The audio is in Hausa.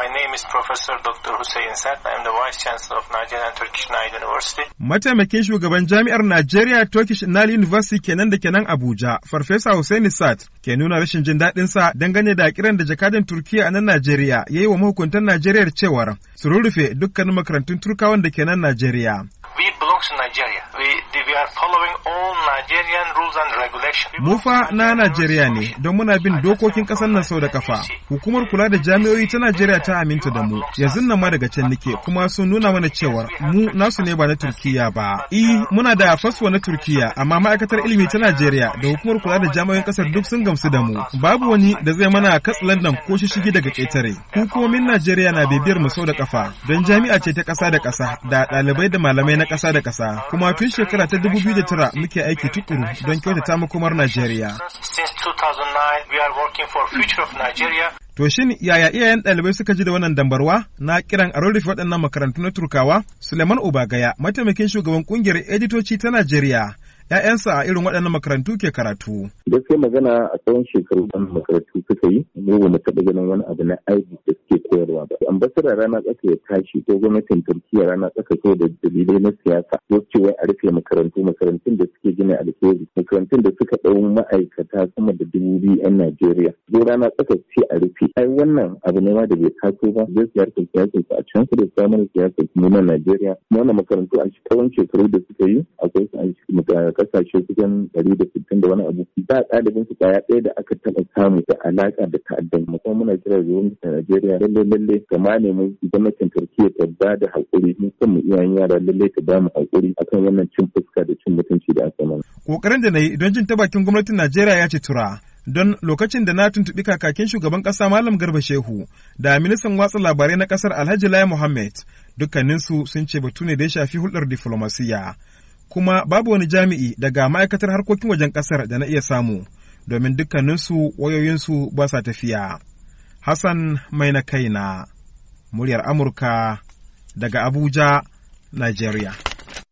My name is Professor Dr. Hussein Sad. I am the Vice Chancellor of Nigerian Turkish Nile University. Mataimakin shugaban jami'ar Nigeria Turkish Nile University kenan da kenan Abuja, Farfesa Hussein Sad ke nuna rashin jin daɗin sa dangane da kiran da jakadan Turkiya a nan Najeriya yi wa mahukuntan Najeriya cewar su rurrufe dukkanin makarantun Turkawan da kenan Najeriya. works in Nigeria. We, we are following all Nigerian rules and regulations. Mu fa na Najeriya ne don muna bin dokokin kasar nan sau da kafa. Hukumar kula da jami'o'i ta Najeriya ta aminta da mu. Yanzu nan ma daga can nike kuma sun nuna mana cewa mu nasu ne ba na Turkiya ba. E, muna da fasfo na Turkiya amma ma'aikatar ilimi ta Najeriya da hukumar kula da jami'o'in kasar duk sun gamsu da mu. Babu wani da zai mana katsalan nan ko shishigi daga ƙetare. Hukumomin Najeriya na bibiyar mu sau da kafa don jami'a ce ta ƙasa da ƙasa da ɗalibai da malamai na ƙasa da ƙasa. Kuma tun shekara ta 2009 muke aiki tukuru don kyautata makomar Najeriya. To shin yaya iyayen ɗalibai suka ji da wannan dambarwa na kiran a rurrufe waɗannan makarantu na Turkawa? Suleiman Ubagaya, mataimakin shugaban ƙungiyar editoci ta Najeriya, ‘ya'yansa a irin waɗannan makarantu ke karatu. Gaskiya magana a tsawon shekaru ɗan makarantu suka yi, mu ba mu taɓa ganin wani abu na aibu ambasada rana tsaka ya tashi ko gwamnatin turkiya rana tsaka ko da dalilai na siyasa ko wai a rufe makarantu makarantun da suke gina alheri makarantun da suka ɗau ma'aikata sama da dubu biyu 'yan najeriya zo rana tsaka ce a rufe ai wannan abu ne ma da bai taso ba zai siyasar siyasar a can su da samun siyasar kuma na najeriya kuma wannan makarantu a tsawon shekaru da suka yi akwai su an kasashe cikin dari da sittin da wani abu ba ɗalibin su ɗaya ɗaya da aka taɓa samu da alaƙa da ta'addan kuma muna kira da gwamnatin Najeriya lalle lalle ka ne mu gwamnatin Turkiyya ta ba da haƙuri mun san mu iyayen yara lalle ta ba mu haƙuri akan wannan cin fuska da cin mutunci da aka mana. Ƙoƙarin da na yi don jin ta bakin gwamnatin Najeriya ya ce tura. don lokacin da na tuntuɓi kakakin shugaban ƙasa Malam Garba Shehu da ministan watsa labarai na ƙasar Alhaji Lai Muhammad dukkaninsu sun ce batu ne da ya shafi hulɗar diflomasiyya. kuma babu wani jami'i daga ma'aikatar harkokin wajen ƙasar da na iya samu domin dukkaninsu wayoyinsu ba sa tafiya. Hassan mai na kaina, muryar Amurka daga Abuja, Nigeria.